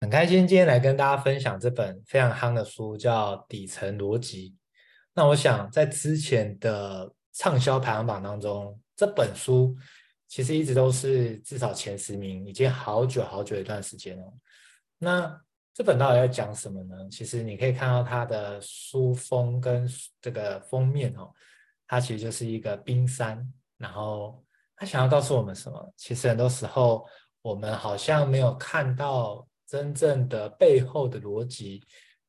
很開心今天來跟大家分享這本非常夯的書，叫《底層邏輯》。那我想在之前的暢銷排行榜當中，這本書其實一直都是至少前十名，已經好久好久一段時間了。那這本到底要講什麼呢？其實你可以看到它的書封跟這個封面哦，它其實就是一個冰山。然後它想要告訴我們什麼？其實很多時候我們好像沒有看到。真正的背後的邏輯，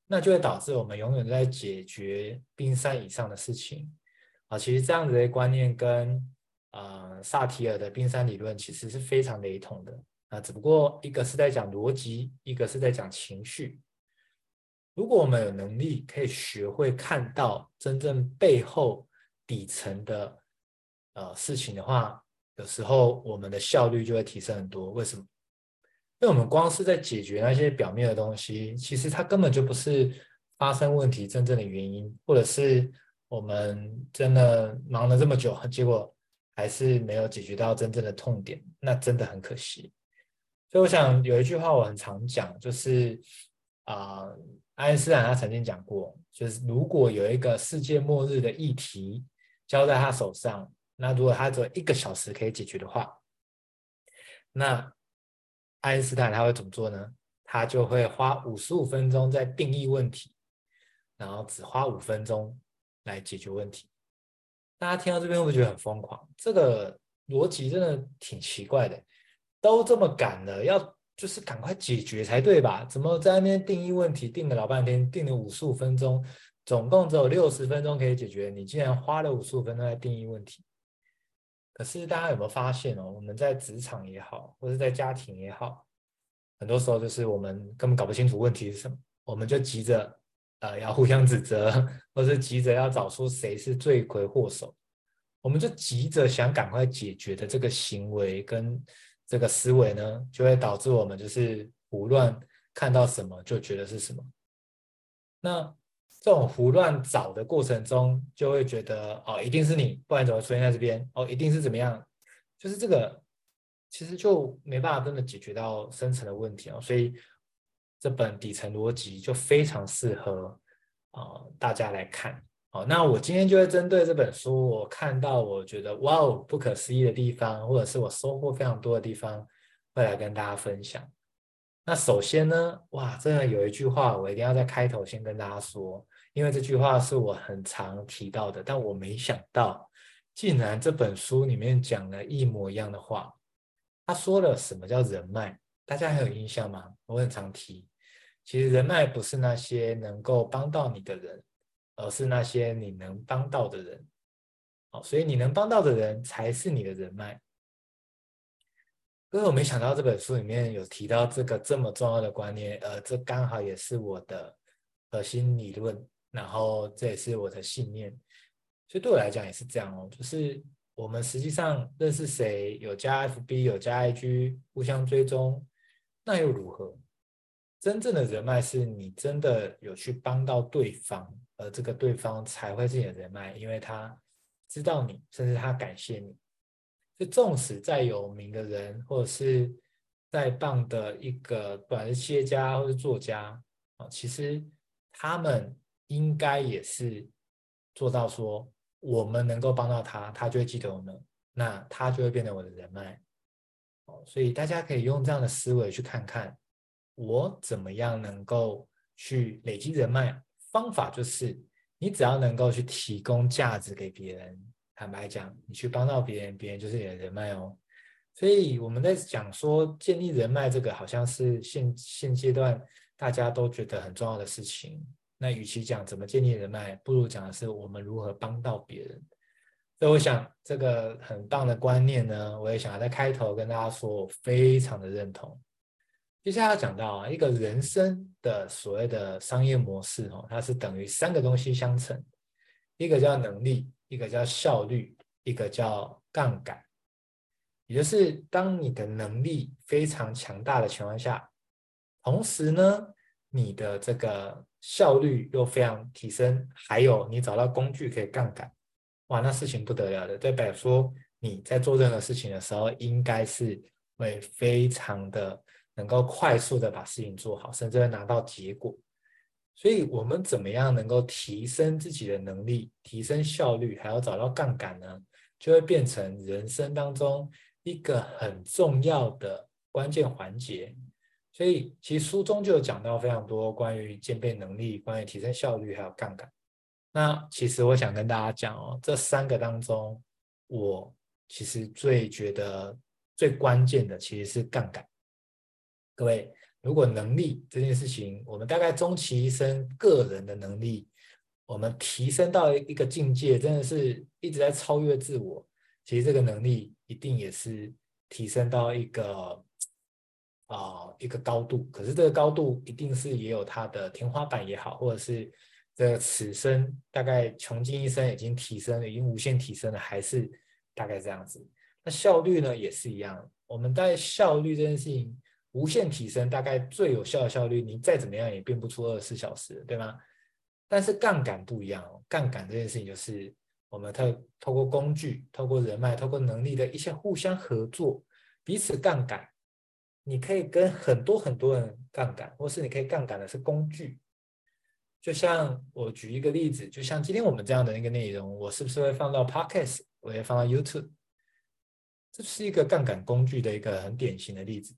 那就會導致我們永遠在解決冰山以上的事情啊。其實這樣子的觀念跟啊、呃、薩提爾的冰山理論其實是非常雷同的啊。只不過一個是在講邏輯，一個是在講情緒。如果我們有能力可以學會看到真正背後底層的呃事情的話，有時候我們的效率就會提升很多。為什麼？因為我們光是在解決那些表面的東西，其實它根本就不是發生問題真正的原因，或者是我們真的忙了這麼久，結果還是沒有解決到真正的痛點，那真的很可惜。所以我想有一句話我很常講，就是啊、呃，愛因斯坦他曾經講過，就是如果有一個世界末日的議題交在他手上，那如果他只有一個小時可以解決的話，那。愛因斯坦他會怎麼做呢？他就會花五十五分鐘在定義問題，然後只花五分鐘來解決問題。大家聽到這邊會不會覺得很瘋狂？這個邏輯真的挺奇怪的。都這麼趕了，要就是趕快解決才對吧？怎麼在那邊定義問題定了老半天，定了五十五分鐘，總共只有六十分鐘可以解決？你竟然花了五十五分鐘來定義問題。可是大家有沒有發現哦？我們在職場也好，或者在家庭也好，很多時候就是我們根本搞不清楚問題是什麼，我們就急着呃要互相指責，或是急着要找出誰是罪魁禍首，我們就急着想趕快解決的這個行為跟這個思維呢，就會導致我們就是胡亂看到什麼就覺得是什麼。那這種胡亂找的過程中，就會覺得哦，一定是你，不然怎麼會出現在這邊？哦，一定是怎麼樣？就是這個，其實就沒辦法真的解決到深層的問題哦，所以這本底層邏輯就非常適合，哦，大家來看。哦，那我今天就會針對這本書，我看到我覺得哇哦不可思議的地方，或者是我收穫非常多的地方，會來跟大家分享。那首先呢，哇，真的有一句話我一定要在開頭先跟大家說，因為這句話是我很常提到的，但我沒想到竟然這本書裡面講了一模一樣的話。他說了什麼叫人脈，大家還有印象嗎？我很常提，其實人脈不是那些能夠幫到你的人，而是那些你能幫到的人。好，所以你能幫到的人才是你的人脈。因為我沒想到這本書裡面有提到這個這麼重要的觀念，呃，這剛好也是我的核、呃、心理論，然後這也是我的信念，所以對我來講也是這樣哦，就是我們實際上認識誰有加 FB 有加 IG 互相追蹤，那又如何？真正的人脈是你真的有去幫到對方，而、呃、這個對方才會是你的人脈，因為他知道你，甚至他感謝你。就，縱使再有名的人，或者是再棒的一個，不管是企業家或者是作家，啊，其實他們應該也是做到說，我們能夠幫到他，他就會記得我們，那他就會變成我的人脈。哦，所以大家可以用這樣的思維去看看，我怎麼樣能夠去累積人脈？方法就是，你只要能夠去提供價值給別人。坦白講，你去幫到別人，別人就是你的人脈哦。所以我們在講說建立人脈這個，好像是現現階段大家都覺得很重要的事情。那與其講怎麼建立人脈，不如講的是我們如何幫到別人。所以我想這個很棒的觀念呢，我也想要在開頭跟大家說我非常的認同。接下來講到啊，一個人生的所謂的商業模式哦，它是等於三個東西相乘。一個叫能力，一個叫效率，一個叫槓桿。也就是當你的能力非常強大的情況下，同時呢，你的這個效率又非常提升，還有你找到工具可以槓桿，哇，那事情不得了的，對不對？比如說，你在做任何事情的時候，應該是會非常的能夠快速的把事情做好，甚至會拿到結果。所以我們怎麼樣能夠提升自己的能力、提升效率，還要找到槓桿呢？就會變成人生當中一個很重要的關鍵環節。所以，其實書中就有講到非常多關於兼併能力、關於提升效率還有槓桿。那其實我想跟大家講哦，這三個當中，我其實最覺得最關鍵的其實是槓桿，各位。如果能力這件事情，我們大概終其一生，個人的能力，我們提升到一個境界，真的是一直在超越自我。其實這個能力一定也是提升到一個啊、呃、一個高度，可是這個高度一定是也有它的天花板也好，或者是這個此生大概窮盡一生已經提升了，已經無限提升了，還是大概這樣子。那效率呢也是一樣，我們在效率這件事情。無限提升，大概最有效的效率，你再怎麼樣也變不出二十四小時，對嗎？但是槓桿不一樣哦，槓桿這件事情就是我們透透過工具、透過人脈、透過能力的一些互相合作，彼此槓桿，你可以跟很多很多人槓桿，或是你可以槓桿的是工具。就像我舉一個例子，就像今天我們這樣的那個內容，我是不是會放到 Podcast，我也放到 YouTube，這是一個槓桿工具的一個很典型的例子。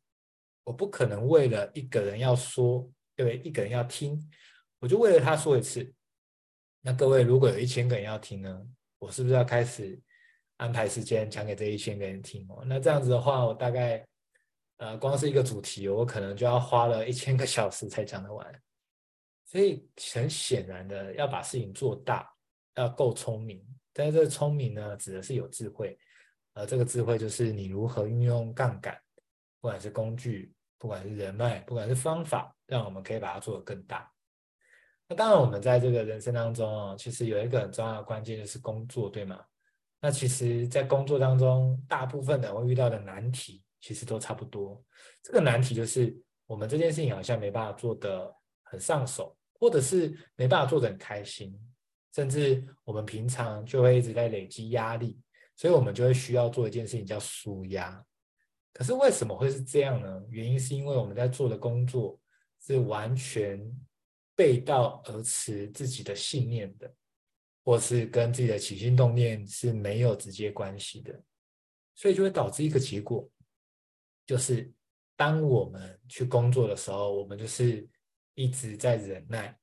我不可能為了一個人要說，對，一個人要聽，我就為了他說一次。那各位如果有一千個人要聽呢，我是不是要開始安排時間講給這一千個人聽哦？那這樣子的話，我大概呃，光是一個主題，我可能就要花了一千個小時才講得完。所以很顯然的，要把事情做大，要夠聰明。但是這個聰明呢，指的是有智慧。呃，這個智慧就是你如何運用槓桿。不管是工具，不管是人脈，不管是方法，讓我們可以把它做得更大。那當然，我們在這個人生當中啊，其實有一個很重要的關鍵就是工作，對嗎？那其實，在工作當中，大部分的人會遇到的難題，其實都差不多。這個難題就是，我們這件事情好像沒辦法做得很上手，或者是沒辦法做得很開心，甚至我們平常就會一直在累積壓力，所以我們就會需要做一件事情叫舒壓。可是為什麼會是這樣呢？原因是因為我們在做的工作是完全背道而馳自己的信念的，或是跟自己的起心動念是沒有直接關係的，所以就會導致一個結果，就是當我們去工作的時候，我們就是一直在忍耐，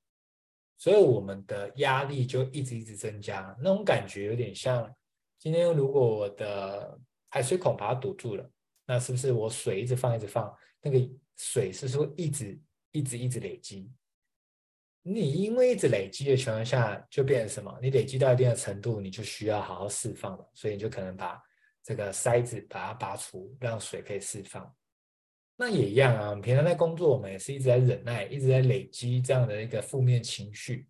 所以我們的壓力就一直一直增加。那種感覺有點像，今天如果我的排水孔把它堵住了。那是不是我水一直放一直放？那個水是說一直一直一直累積。你因為一直累積的情況下，就變成什麼？你累積到一定的程度，你就需要好好釋放了。所以你就可能把這個塞子把它拔除，讓水可以釋放。那也一樣啊，我們平常在工作，我們也是一直在忍耐，一直在累積這樣的一個負面情緒。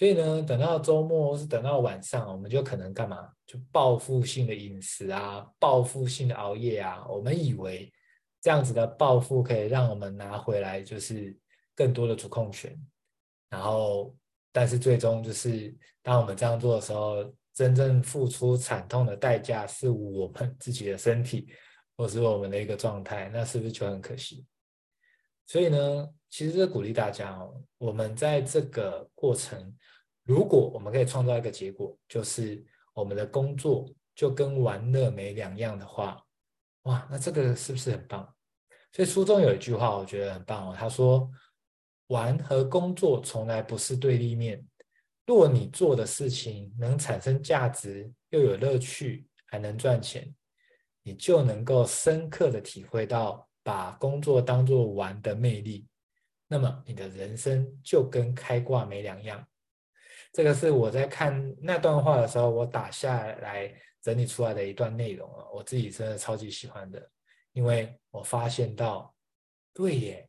所以呢，等到週末或是等到晚上，我們就可能幹嘛？就報復性的飲食啊，報復性的熬夜啊。我們以為這樣子的報復可以讓我們拿回來，就是更多的主控權。然後，但是最終就是當我們這樣做的時候，真正付出慘痛的代價是我們自己的身體，或是我們的一個狀態。那是不是就很可惜？所以呢，其實是鼓勵大家哦，我們在這個過程。如果我們可以創造一個結果，就是我們的工作就跟玩樂沒兩樣的話，哇，那這個是不是很棒？所以書中有一句話，我覺得很棒哦。他說：“玩和工作從來不是對立面。若你做的事情能產生價值，又有樂趣，還能賺錢，你就能夠深刻的體會到把工作當作玩的魅力。那麼你的人生就跟開掛沒兩樣。”這個是我在看那段話的時候，我打下來整理出來的一段內容啊，我自己真的超級喜歡的，因為我發現到，對耶，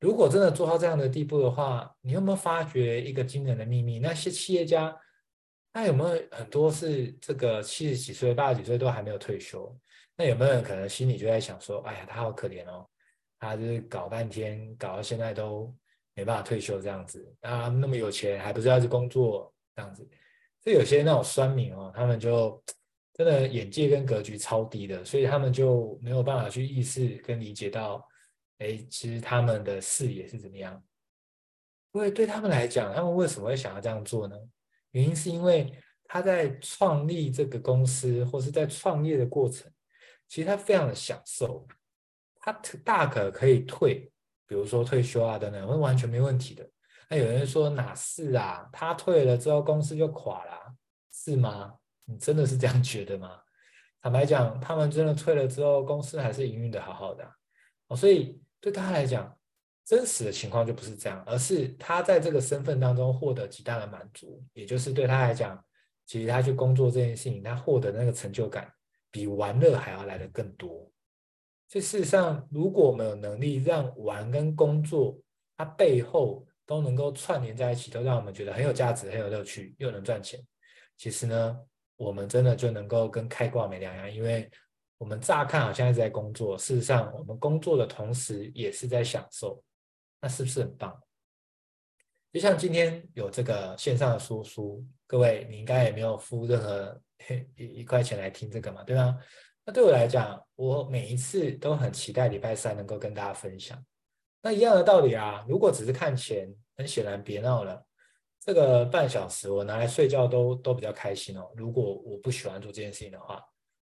如果真的做到這樣的地步的話，你有沒有發覺一個驚人的秘密？那些企業家，那有沒有很多是這個七十幾歲、八十幾歲都還沒有退休？那有沒有人可能心裡就在想說，哎呀，他好可憐哦，他就是搞半天，搞到現在都沒辦法退休這樣子，啊，那麼有錢還不是要去工作這樣子，所以有些那種酸民哦，他們就真的眼界跟格局超低的，所以他們就沒有辦法去意識跟理解到，哎，其實他們的視野是怎麼樣？因為對他們來講，他們為什麼會想要這樣做呢？原因是因為他在創立這個公司，或是在創業的過程，其實他非常的享受，他大可可以退。比如說退休啊等等，會完全沒問題的。那有人說哪是啊？他退了之後公司就垮了啊，是嗎？你真的是這樣覺得嗎？坦白講，他們真的退了之後，公司還是營運的好好的啊。哦，所以對他來講，真實的情況就不是這樣，而是他在這個身份當中獲得極大的滿足，也就是對他來講，其實他去工作這件事情，他獲得那個成就感，比玩樂還要來得更多。所以事實上，如果我們有能力讓玩跟工作，它背後都能夠串聯在一起，都讓我們覺得很有價值、很有樂趣，又能賺錢，其實呢，我們真的就能夠跟開掛沒兩樣。因為我們乍看好像一直在工作，事實上，我們工作的同時也是在享受，那是不是很棒？就像今天有這個線上的說書，各位，你應該也沒有付任何一一塊錢來聽這個嘛，對吧？那對我來講，我每一次都很期待禮拜三能夠跟大家分享。那一樣的道理啊，如果只是看錢，很顯然別鬧了。這個半小時我拿來睡覺都都比較開心哦。如果我不喜歡做這件事情的話，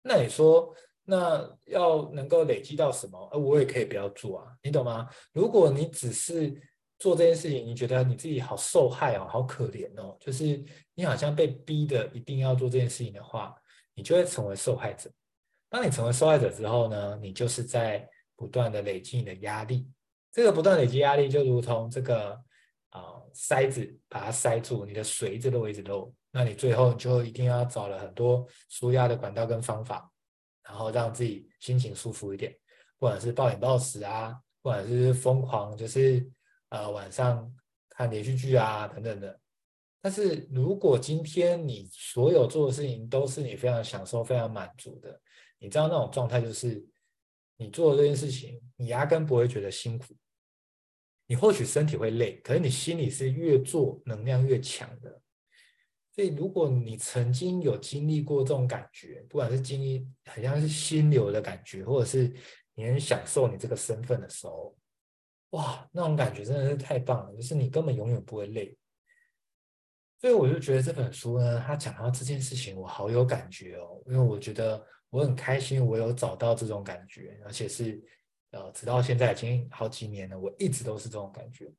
那你說那要能夠累積到什麼？而我也可以不要做啊，你懂嗎？如果你只是做這件事情，你覺得你自己好受害哦，好可憐哦，就是你好像被逼的一定要做這件事情的話，你就會成為受害者。當你成為受害者之後呢，你就是在不斷的累積你的壓力。這個不斷累積壓力，就如同這個啊、呃、塞子把它塞住，你的水這個位置漏。那你最後你就一定要找了很多舒壓的管道跟方法，然後讓自己心情舒服一點，不管是暴飲暴食啊，不管是瘋狂就是呃晚上看連續劇啊等等的。但是如果今天你所有做的事情都是你非常享受、非常滿足的。你知道那種狀態就是，你做這件事情，你壓根不會覺得辛苦，你或許身體會累，可是你心裡是越做能量越強的。所以如果你曾經有經歷過這種感覺，不管是經歷，很像是心流的感覺，或者是你很享受你這個身份的時候，哇，那種感覺真的是太棒了，就是你根本永遠不會累。所以我就覺得這本書呢，它講到這件事情，我好有感覺哦，因為我覺得。我很開心，我有找到這種感覺，而且是，呃，直到現在已經好幾年了，我一直都是這種感覺。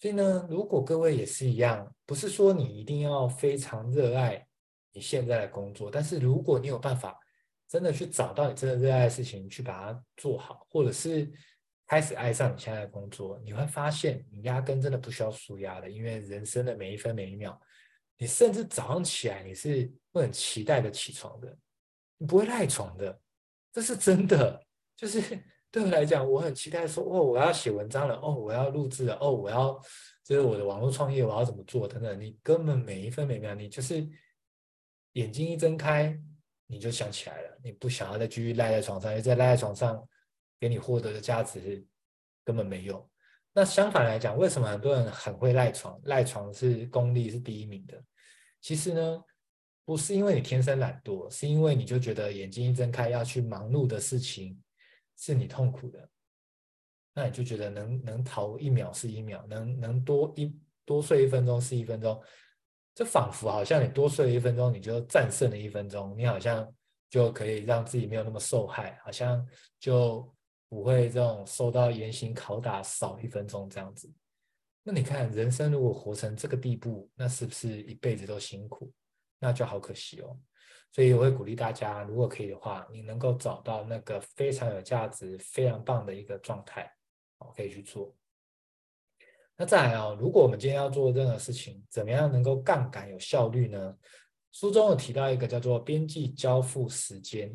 所以呢，如果各位也是一樣，不是說你一定要非常熱愛你現在的工作，但是如果你有辦法真的去找到你真的熱愛的事情，去把它做好，或者是開始愛上你現在的工作，你會發現你壓根真的不需要紓壓的，因為人生的每一分每一秒，你甚至早上起來你是會很期待的起床的。你不會賴床的，這是真的。就是對我來講，我很期待說，哦，我要寫文章了，哦，我要錄制了，哦，我要就是我的網絡創業，我要怎麼做等等。你根本每一分每秒，你就是眼睛一睜開，你就想起來了。你不想要再繼續賴在床上，因為在賴在床上給你獲得的價值是根本沒用。那相反來講，為什麼很多人很會賴床？賴床是功力是第一名的。其實呢，不是因為你天生懶惰，是因為你就覺得眼睛一睜開要去忙碌的事情是你痛苦的，那你就覺得能能逃一秒是一秒，能能多一多睡一分鐘是一分鐘，這仿佛好像你多睡了一分鐘，你就戰勝了一分鐘，你好像就可以讓自己沒有那麼受害，好像就不會這種受到嚴刑拷打少一分鐘這樣子。那你看人生如果活成這個地步，那是不是一輩子都辛苦？那就好可惜哦，所以我會鼓勵大家，如果可以的話，你能夠找到那個非常有價值、非常棒的一個狀態，可以去做。那再來啊、哦，如果我們今天要做任何事情，怎麼樣能夠槓桿有效率呢？書中有提到一個叫做邊際交付時間，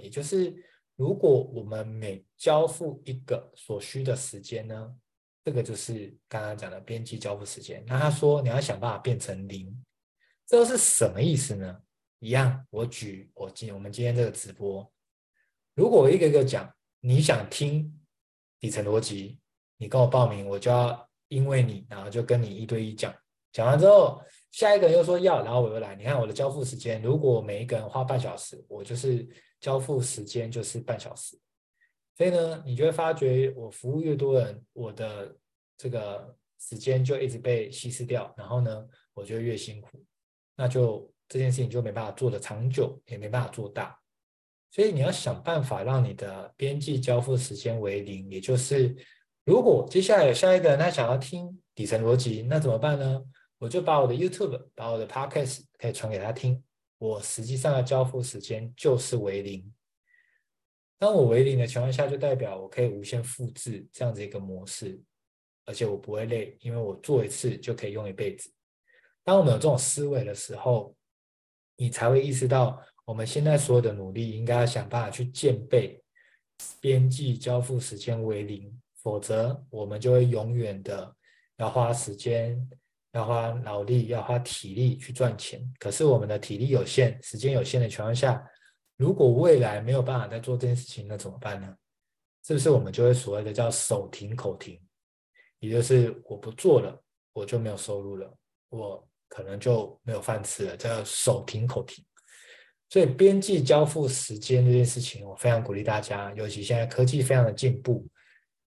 也就是如果我們每交付一個所需的時間呢，這個就是剛剛講的邊際交付時間。那他說你要想辦法變成零。這是什麼意思呢？一樣，我舉我今我們今天這個直播，如果我一個一個講，你想聽底層邏輯，你跟我報名，我就要因為你，然後就跟你一對一講。講完之後，下一個人又說要，然後我又來。你看我的交付時間，如果每一個人花半小時，我就是交付時間就是半小時。所以呢，你就會發覺，我服務越多人，我的這個時間就一直被稀釋掉，然後呢，我就越辛苦。那就這件事情就沒辦法做得長久，也沒辦法做大，所以你要想辦法讓你的邊際交付時間為零，也就是如果接下來有下一個人他想要聽底層邏輯，那怎麼辦呢？我就把我的 YouTube，把我的 Podcast 可以傳給他聽，我實際上的交付時間就是為零。當我為零的情況下，就代表我可以無限複製這樣子一個模式，而且我不會累，因為我做一次就可以用一輩子。當我們有這種思維的時候，你才會意識到，我們現在所有的努力應該要想辦法去建備，邊際交付時間為零，否則我們就會永遠的要花時間、要花腦力、要花體力去賺錢。可是我們的體力有限、時間有限的情況下，如果未來沒有辦法再做這件事情，那怎麼辦呢？是不是我們就會所謂的叫手停口停，也就是我不做了，我就沒有收入了，我。可能就沒有飯吃了，這叫手停口停。所以，邊際交付時間這件事情，我非常鼓勵大家，尤其現在科技非常的進步，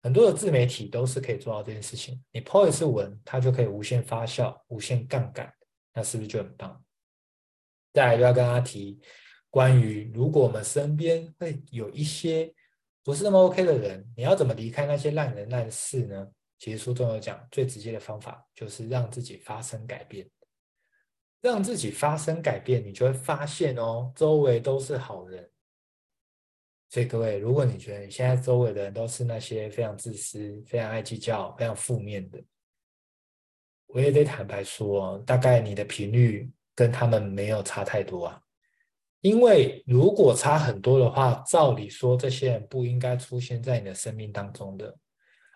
很多的自媒體都是可以做到這件事情。你 Po 一次文，它就可以無限發酵、無限槓桿，那是不是就很棒？再來，就要跟他提關於如果我們身邊會有一些不是那麼 OK 的人，你要怎麼離開那些爛人爛事呢？其實書中有講，最直接的方法就是讓自己發生改變。讓自己發生改變，你就會發現哦，周圍都是好人。所以各位，如果你覺得你現在周圍的人都是那些非常自私、非常愛計較、非常負面的，我也得坦白說，大概你的頻率跟他們沒有差太多啊。因為如果差很多的話，照理說這些人不應該出現在你的生命當中的。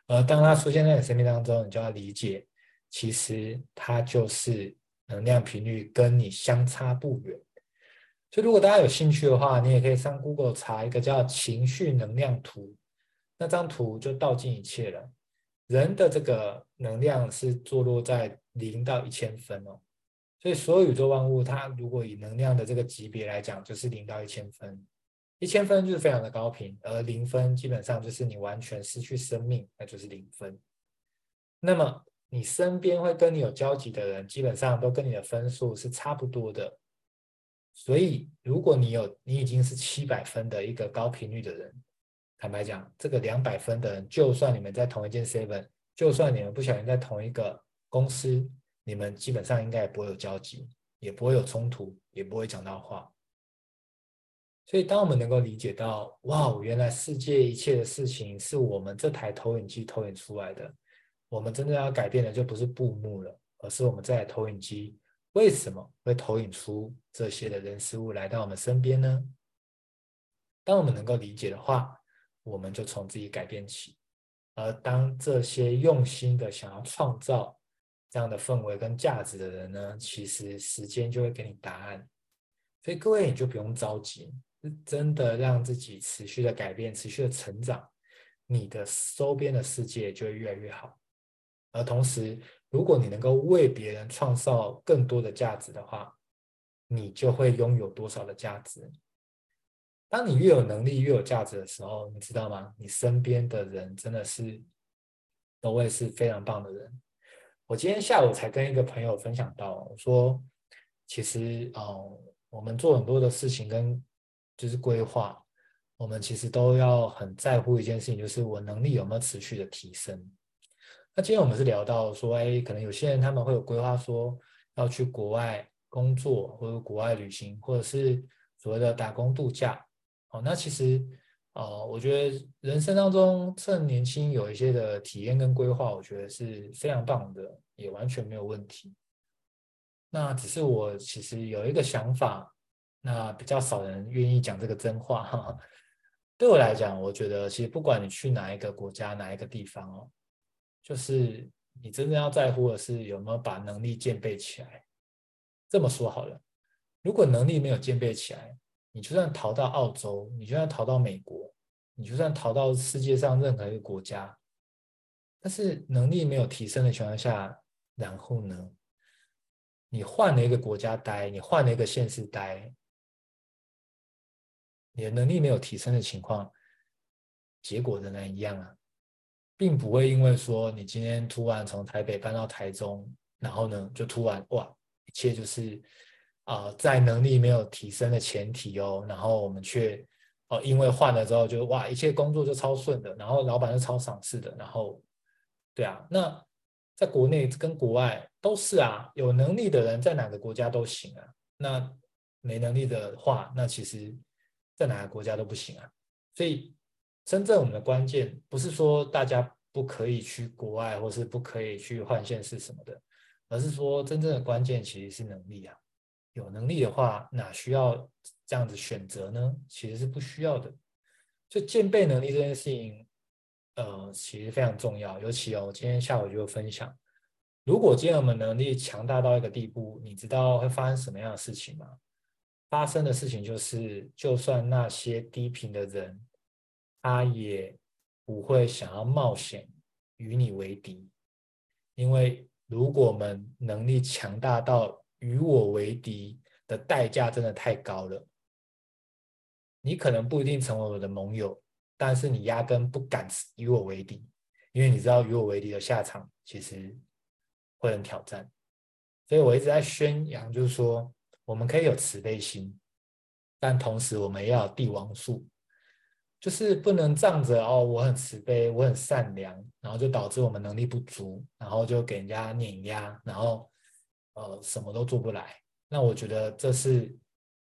而當他出現在你生命當中，你就要理解，其實他就是。能量頻率跟你相差不遠，所以如果大家有興趣的話，你也可以上 Google 查一個叫“情緒能量圖”，那張圖就道盡一切了。人的這個能量是坐落在零到一千分哦，所以所有宇宙萬物，它如果以能量的這個級別來講，就是零到一千分，一千分就是非常的高頻，而零分基本上就是你完全失去生命，那就是零分。那麼，你身邊會跟你有交集的人，基本上都跟你的分數是差不多的。所以，如果你有，你已經是七百分的一個高頻率的人，坦白講，這個兩百分的人，就算你們在同一間 Seven，就算你們不小心在同一個公司，你們基本上應該也不會有交集，也不會有衝突，也不會講到話。所以，當我們能夠理解到，哇，原來世界一切的事情是我們這台投影機投影出來的。我們真正要改變的就不是布幕了，而是我們在投影機為什麼會投影出這些的人事物來到我們身邊呢？當我們能夠理解的話，我們就從自己改變起。而當這些用心的想要創造這樣的氛圍跟價值的人呢，其實時間就會給你答案。所以各位，你就不用着急，真的讓自己持續的改變、持續的成長，你的周邊的世界就會越來越好。而同時，如果你能夠為別人創造更多的價值的話，你就會擁有多少的價值。當你越有能力、越有價值的時候，你知道嗎？你身邊的人真的是都會是非常棒的人。我今天下午才跟一個朋友分享到，我說，其實哦，嗯，我們做很多的事情跟就是規劃，我們其實都要很在乎一件事情，就是我能力有沒有持續的提升。那今天我們是聊到說，哎，可能有些人他們會有規劃，說要去國外工作，或者國外旅行，或者是所謂的打工度假。哦，那其實，呃，我覺得人生當中趁年輕有一些的體驗跟規劃，我覺得是非常棒的，也完全沒有問題。那只是我其實有一個想法，那比較少人願意講這個真話。呵呵，對我來講，我覺得其實不管你去哪一個國家，哪一個地方哦。就是你真正要在乎的是有沒有把能力兼備起來。這麼說好了，如果能力沒有兼備起來，你就算逃到澳洲，你就算逃到美國，你就算逃到世界上任何一個國家，但是能力沒有提升的情況下，然後呢，你換了一個國家待，你換了一個縣市待，你的能力沒有提升的情況，結果仍然一樣啊。並不會因為說你今天突然從台北搬到台中，然後呢，就突然哇一切就是啊、呃、在能力沒有提升的前提哦，然後我們卻哦、呃、因為換了之後就哇一切工作就超順的，然後老闆就超賞識的，然後對啊，那在國內跟國外都是啊，有能力的人在哪個國家都行啊，那沒能力的話，那其實在哪個國家都不行啊，所以。真正我們的關鍵不是說大家不可以去國外，或是不可以去換現實什麼的，而是說真正的關鍵其實是能力啊。有能力的話，哪需要這樣子選擇呢？其實是不需要的。就建備能力這件事情，呃，其實非常重要。尤其哦，今天下午就分享。如果今天我們能力強大到一個地步，你知道會發生什麼樣的事情嗎？發生的事情就是，就算那些低頻的人。他也不會想要冒險與你為敵，因為如果我們能力強大到與我為敵的代價真的太高了，你可能不一定成為我的盟友，但是你壓根不敢與我為敵，因為你知道與我為敵的下場其實會很挑戰。所以我一直在宣揚，就是說我們可以有慈悲心，但同時我們要帝王術。就是不能仗着哦，我很慈悲，我很善良，然後就導致我們能力不足，然後就給人家碾壓，然後呃什麼都做不來。那我覺得這是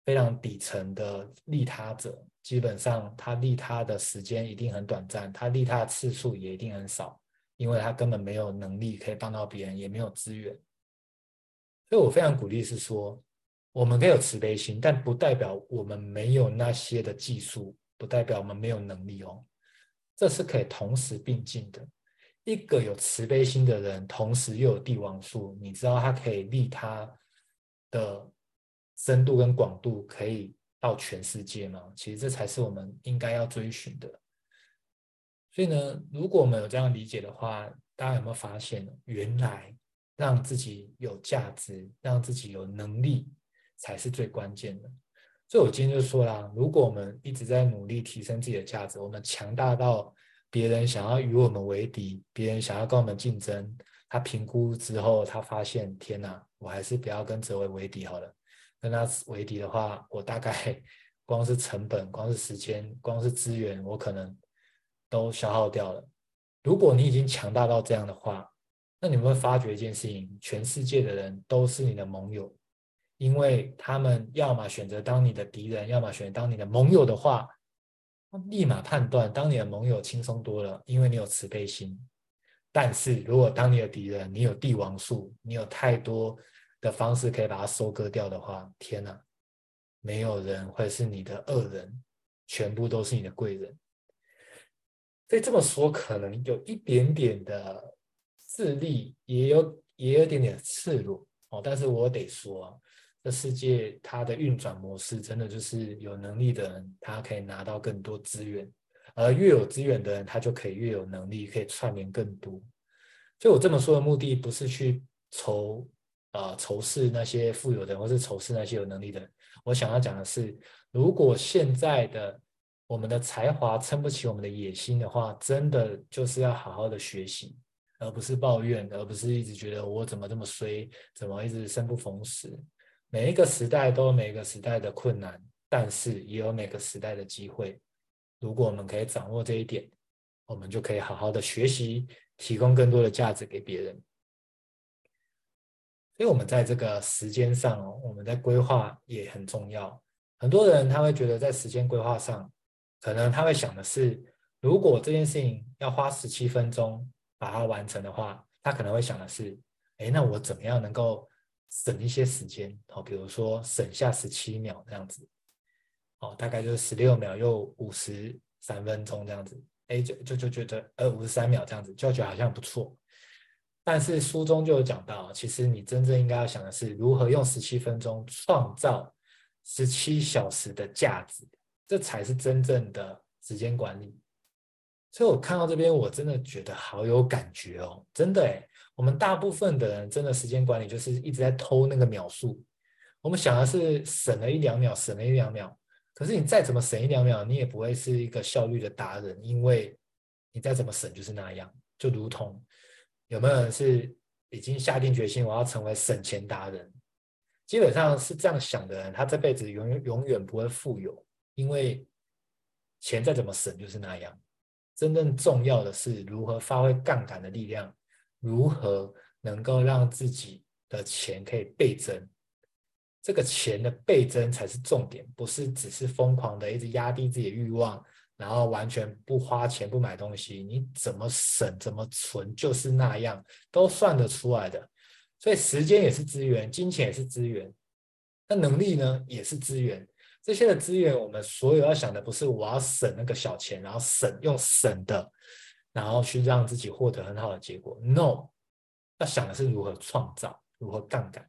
非常底層的利他者，基本上他利他的時間一定很短暫，他利他的次數也一定很少，因為他根本沒有能力可以幫到別人，也沒有資源。所以我非常鼓勵是說，我們可以有慈悲心，但不代表我們沒有那些的技術。不代表我們沒有能力哦，這是可以同時並進的。一個有慈悲心的人，同時又有帝王術，你知道他可以利他的深度跟廣度可以到全世界嗎？其實這才是我們應該要追尋的。所以呢，如果我們有這樣理解的話，大家有沒有發現，原來讓自己有價值、讓自己有能力，才是最關鍵的。所以我今天就說啦，啊，如果我們一直在努力提升自己的價值，我們強大到別人想要與我們為敵，別人想要跟我們競爭，他評估之後，他發現天哪，我還是不要跟哲維為敵好了，跟他為敵的話，我大概光是成本、光是時間、光是資源，我可能都消耗掉了。如果你已經強大到這樣的話，那你會發覺一件事情，全世界的人都是你的盟友。因為他們要麼選擇當你的敵人，要麼選擇當你的盟友的話，立馬判斷當你的盟友輕鬆多了，因為你有慈悲心。但是如果當你的敵人，你有帝王術，你有太多的方式可以把它收割掉的話，天哪，沒有人會是你的惡人，全部都是你的貴人。所以這麼說可能有一點點的自利，也有也有一點點的赤裸哦，但是我得說。世界它的運轉模式真的就是有能力的人，他可以拿到更多資源，而越有資源的人，他就可以越有能力，可以串聯更多。就我這麼說的目的，不是去仇啊、呃、仇視那些富有的人，或是仇視那些有能力的人。我想要講的是，如果現在的我們的才華撐不起我們的野心的話，真的就是要好好的學習，而不是抱怨，而不是一直覺得我怎麼這麼衰，怎麼一直生不逢時。每一個時代都有每個時代的困難，但是也有每個時代的機會。如果我們可以掌握這一點，我們就可以好好的學習，提供更多的價值給別人。所以，我們在這個時間上哦，我們在規劃也很重要。很多人他會覺得在時間規劃上，可能他會想的是：如果這件事情要花十七分鐘把它完成的話，他可能會想的是：哎，那我怎麼樣能夠省一些時間哦，比如說省下十七秒這樣子，哦，大概就是十六秒又五十三分鐘這樣子，哎，就就就覺得呃五十三秒這樣子就覺得好像不錯。但是書中就有講到，其實你真正應該要想的是如何用十七分鐘創造十七小時的價值，這才是真正的時間管理。所以我看到這邊我真的覺得好有感覺哦，真的哎。我們大部分的人真的時間管理就是一直在偷那個秒數，我們想的是省了一兩秒，省了一兩秒。可是你再怎麼省一兩秒，你也不會是一個效率的達人，因為你再怎麼省就是那樣。就如同有沒有人是已經下定決心，我要成為省錢達人？基本上是這樣想的人，他這輩子永遠永遠不會富有，因為錢再怎麼省就是那樣。真正重要的是如何發揮槓桿的力量。如何能夠讓自己的錢可以倍增？這個錢的倍增才是重點，不是只是瘋狂的一直壓低自己的慾望，然後完全不花錢不買東西，你怎麼省怎麼存就是那樣，都算得出來的。所以時間也是資源，金錢也是資源，那能力呢？也是資源。這些的資源，我們所有要想的不是我要省那個小錢，然後省，用省的。然後去讓自己獲得很好的結果。No，他想的是如何創造，如何槓桿。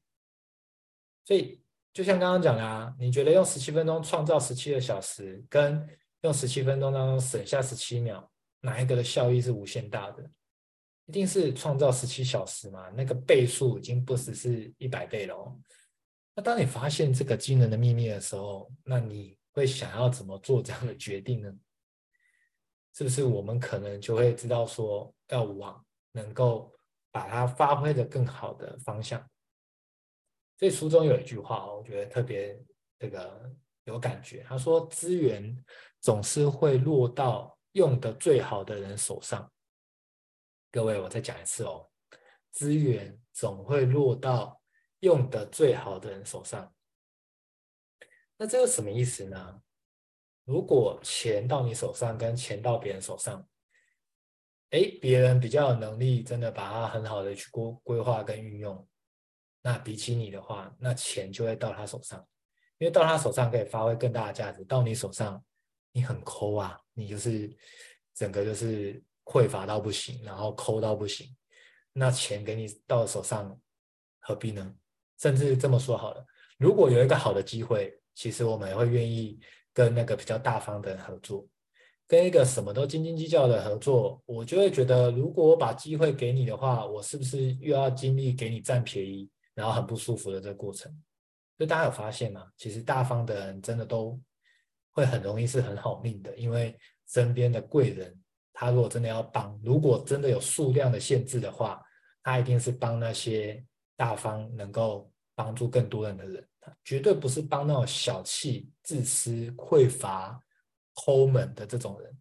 所以就像剛剛講的啊，你覺得用十七分鐘創造十七個小時，跟用十七分鐘當中省下十七秒，哪一個的效益是無限大的？一定是創造十七小時嘛？那個倍數已經不只是一百倍了。哦。那當你發現這個驚人的秘密的時候，那你會想要怎麼做這樣的決定呢？是不是我們可能就會知道說，要往能夠把它發揮的更好的方向。所以書中有一句話，哦，我覺得特別這個有感覺。他說，資源總是會落到用的最好的人手上。各位，我再講一次哦，資源總會落到用的最好的人手上。那這個什麼意思呢？如果錢到你手上，跟錢到別人手上，哎，別人比較有能力，真的把它很好的去規規劃跟運用，那比起你的話，那錢就會到他手上，因為到他手上可以發揮更大的價值。到你手上，你很摳啊，你就是整個就是匱乏到不行，然後摳到不行，那錢給你到手上，何必呢？甚至這麼說好了，如果有一個好的機會，其實我們也會願意。跟那個比較大方的合作，跟一個什麼都斤斤計較的合作，我就會覺得，如果我把機會給你的話，我是不是又要經歷給你佔便宜，然後很不舒服的這個過程？所以大家有發現嗎？其實大方的人真的都會很容易是很好命的，因為身邊的貴人，他如果真的要幫，如果真的有數量的限制的話，他一定是幫那些大方能夠幫助更多人的人。絕對不是幫那種小氣、自私、匱乏、摳門的這種人。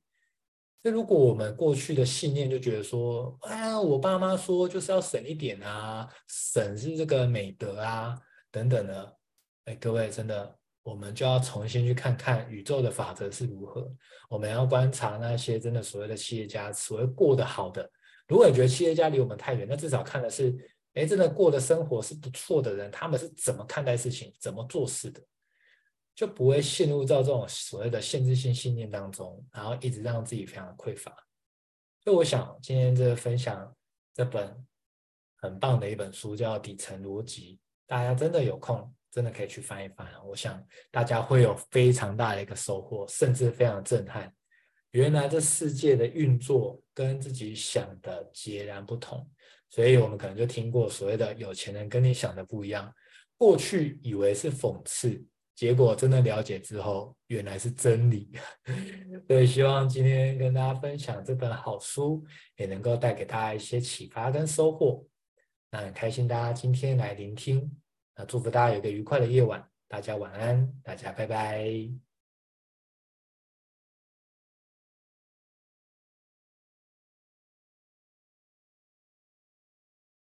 所以，如果我們過去的信念就覺得說，哎、啊，我爸媽說就是要省一點啊，省是這個美德啊，等等的。哎，各位，真的，我們就要重新去看看宇宙的法則是如何。我們要觀察那些真的所謂的企業家，所謂過得好的。如果你覺得企業家離我們太遠，那至少看的是。哎，真的過的生活是不錯的人，他們是怎麼看待事情、怎麼做事的，就不會陷入到這種所謂的限制性信念當中，然後一直讓自己非常的匱乏。所以，我想今天這個分享這本很棒的一本書，叫《底層邏輯》，大家真的有空真的可以去翻一翻，我想大家會有非常大的一個收穫，甚至非常震撼。原來這世界的運作跟自己想的截然不同。所以，我們可能就聽過所謂的“有錢人跟你想的不一樣”。過去以為是諷刺，結果真的了解之後，原來是真理。所 以，希望今天跟大家分享這本好書，也能夠帶給大家一些啟發跟收穫。那很開心大家今天來聆聽，那祝福大家有個愉快的夜晚。大家晚安，大家拜拜。